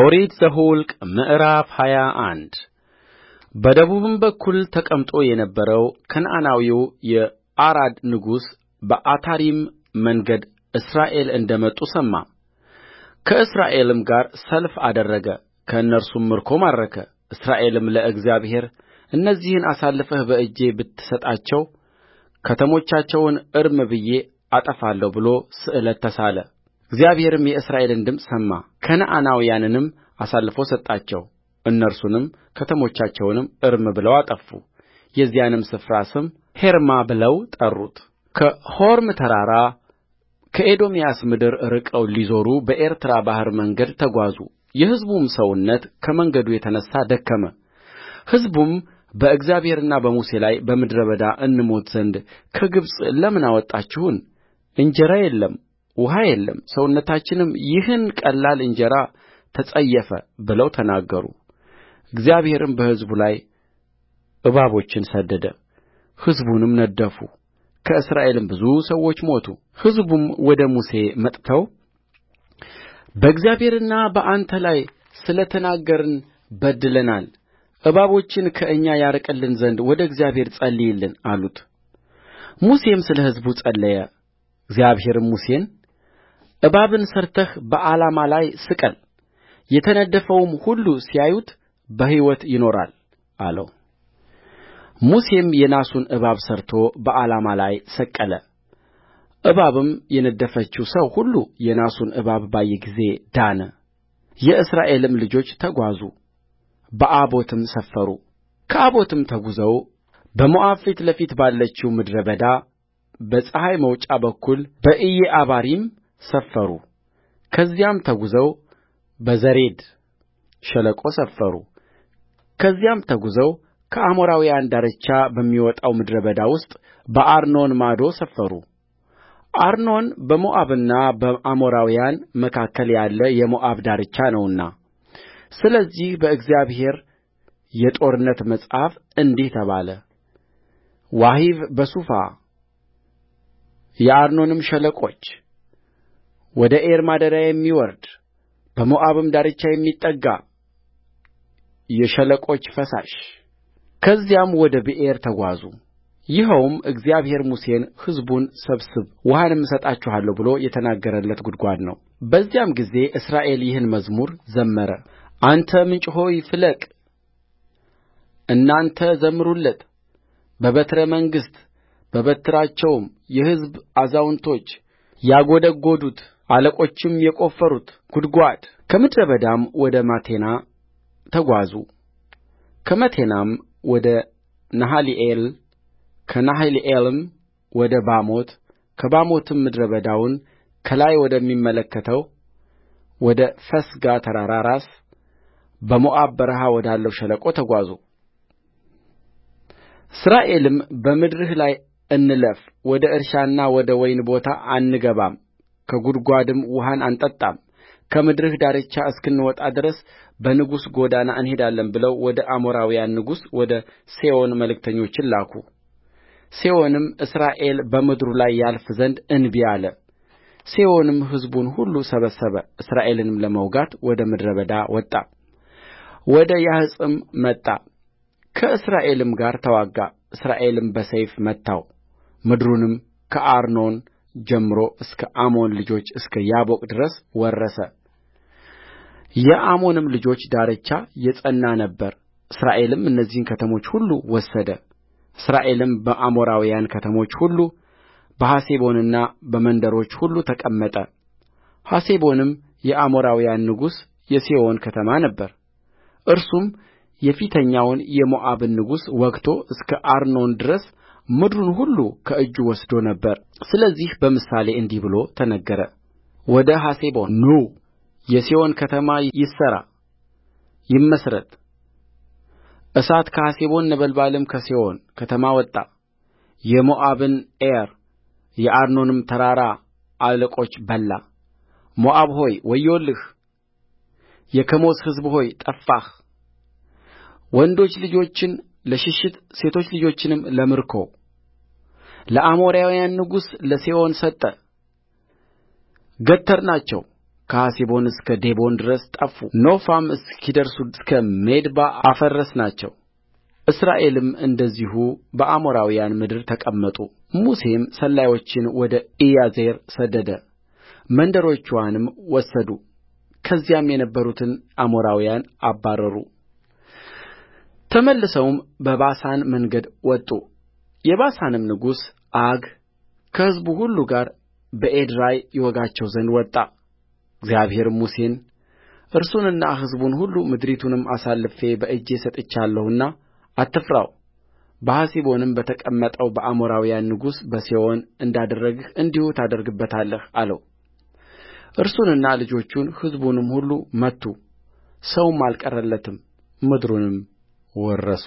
ኦሪት ዘኍልቍ ምዕራፍ ሃያ አንድ በደቡብም በኩል ተቀምጦ የነበረው ከነዓናዊው የአራድ ንጉሥ በአታሪም መንገድ እስራኤል እንደ መጡ ሰማ ከእስራኤልም ጋር ሰልፍ አደረገ ከእነርሱም ምርኮ ማረከ እስራኤልም ለእግዚአብሔር እነዚህን አሳልፈህ በእጄ ብትሰጣቸው ከተሞቻቸውን እርም ብዬ አጠፋለሁ ብሎ ስእለት ተሳለ እግዚአብሔርም የእስራኤልን ድምፅ ሰማ ከነዓናውያንንም አሳልፎ ሰጣቸው እነርሱንም ከተሞቻቸውንም እርም ብለው አጠፉ የዚያንም ስፍራ ስም ሔርማ ብለው ጠሩትከሖርም ተራራ ከኤዶምያስ ምድር ርቀው ሊዞሩ በኤርትራ ባሕር መንገድ ተጓዙ የሕዝቡም ሰውነት ከመንገዱ የተነሣ ደከመ ሕዝቡም በእግዚአብሔርና በሙሴ ላይ በምድረ በዳ እንሞት ዘንድ ከግብፅ ለምን አወጣችሁን እንጀራ የለም ውኃ የለም ሰውነታችንም ይህን ቀላል እንጀራ ተጸየፈ ብለው ተናገሩእግዚአብሔርም በሕዝቡ ላይ እባቦችን ሰደደ ሕዝቡንም ነደፉ ከእስራኤልም ብዙ ሰዎች ሞቱ ሕዝቡም ወደ ሙሴ መጥተው በእግዚአብሔርና በአንተ ላይ ስለ ተናገርን በድለናል እባቦችን ከእኛ ያርቅልን ዘንድ ወደ እግዚአብሔር ጸልይልን አሉት ሙሴም ስለ ሕዝቡ ጸለየ እግዚአብሔርም ሙሴን እባብን ሠርተህ በዓላማ ላይ ስቀል የተነደፈውም ሁሉ ሲያዩት በሕይወት ይኖራል አለውሙሴም የናሱን እባብ ሠርቶ በዓላማ ላይ ሰቀለ እባብም የነደፈችው ሰው ሁሉ የናሱን እባብ ባየ ጊዜ ዳነ የእስራኤልም ልጆች ተጓዙ በኦቦትም ሰፈሩ ከአቦትም ተጕዘው በሞዓብ ፊት ለፊት ባለችው ምድረ በዳ በፀሐይ መውጫ በኩል በኢዬዓባሪም ሰፈሩ ከዚያም ተጕዘው በዘሬድ ሸለቆ ሰፈሩ ከዚያም ተጕዘው ከአሞራውያን ዳርቻ በሚወጣው ምድረ በዳ ውስጥ በአርኖን ማዶ ሰፈሩአርኖን በሞዓብና በአሞራውያን መካከል ያለ የሞዓብ ዳርቻ ነውና ስለዚህ በእግዚአብሔር የጦርነት መጽሐፍ እንዲህ ተባለ ዋሄብ በሱፋ የአርኖንም ሸለቆች ወደ ኤር ማደሪያ የሚወርድ በሞዓብም ዳርቻ የሚጠጋ የሸለቆች ፈሳሽ ከዚያም ወደ ብኤር ተጓዙ ይኸውም እግዚአብሔር ሙሴን ሕዝቡን ሰብስብ ውኃንም እሰጣችኋለሁ ብሎ የተናገረለት ጕድጓድ በዚያም ጊዜ እስራኤል ይህን መዝሙር ዘመረ አንተ ምንጭ ሆይ ፍለቅ እናንተ ዘምሩለት በበትረ መንግሥት በበትራቸውም የሕዝብ አዛውንቶች ያጐደጐዱት አለቆችም የቈፈሩት ጕድጓድ ከምድረ በዳም ወደ መቴና ተጓዙ ከመቴናም ወደ ነሃሊኤል ከነሃሊኤልም ወደ ባሞት ከባሞትም ምድረ በዳውን ከላይ ወደሚመለከተው ወደ ፈስጋ ተራራ ራስ በሞዓብ በረሃ ወዳለው ሸለቆ ተጓዙ እስራኤልም በምድርህ ላይ እንለፍ ወደ እርሻና ወደ ወይን ቦታ አንገባም ከጕድጓድም ውኃን አንጠጣም ከምድርህ ዳርቻ እስክንወጣ ድረስ በንጉሥ ጐዳና እንሄዳለን ብለው ወደ አሞራውያን ንጉሥ ወደ ሴዎን መልእክተኞችን ላኩ ሴዎንም እስራኤል በምድሩ ላይ ያልፍ ዘንድ እንቢ አለ ሴዎንም ሕዝቡን ሁሉ ሰበሰበ እስራኤልንም ለመውጋት ወደ ምድረ በዳ ወጣ ወደ ያሀጽም መጣ ከእስራኤልም ጋር ተዋጋ እስራኤልም በሰይፍ መታው ምድሩንም ከአርኖን ጀምሮ እስከ አሞን ልጆች እስከ ያቦቅ ድረስ ወረሰ። የአሞንም ልጆች ዳርቻ የጸና ነበረ እስራኤልም እነዚህን ከተሞች ሁሉ ወሰደ እስራኤልም በአሞራውያን ከተሞች ሁሉ በሐሴቦንና በመንደሮች ሁሉ ተቀመጠ ሐሴቦንም የአሞራውያን ንጉሥ የሴዎን ከተማ ነበር። እርሱም የፊተኛውን የሞዓብን ንጉሥ ወግቶ እስከ አርኖን ድረስ ምድሩን ሁሉ ከእጁ ወስዶ ነበር! ስለዚህ በምሳሌ እንዲህ ብሎ ተነገረ ወደ ሐሴቦን ኑ የሴዎን ከተማ ይሠራ ይመሥረት እሳት ከሐሴቦን ነበልባልም ከሴዎን ከተማ ወጣ የሞዓብን ዔር የአርኖንም ተራራ አለቆች በላ ሞዓብ ሆይ ወዮልህ! የከሞስ ሕዝብ ሆይ ጠፋህ! ወንዶች ልጆችን ለሽሽት ሴቶች ልጆችንም ለአሞራውያን ንጉሥ ለሴዎን ሰጠ ገተርናቸው ከሐሴቦን እስከ ዴቦን ድረስ ጠፉ ኖፋም እስኪደርሱ እስከ ሜድባ አፈረስናቸው እስራኤልም እንደዚሁ በአሞራውያን ምድር ተቀመጡ ሙሴም ሰላዮችን ወደ ኢያዜር ሰደደ መንደሮችዋንም ወሰዱ ከዚያም የነበሩትን አሞራውያን አባረሩ ተመልሰውም በባሳን መንገድ ወጡ የባሳንም ንጉሥ ዐግ ከሕዝቡ ሁሉ ጋር በኤድራይ ይወጋቸው ዘንድ ወጣ እግዚአብሔርም ሙሴን እርሱንና ሕዝቡን ሁሉ ምድሪቱንም አሳልፌ በእጄ ሰጥቼአለሁና አትፍራው በሐሴቦንም በተቀመጠው በአሞራውያን ንጉሥ በሴዎን እንዳደረግህ እንዲሁ ታደርግበታለህ አለው እርሱንና ልጆቹን ሕዝቡንም ሁሉ መቱ ሰውም አልቀረለትም ምድሩንም ወረሱ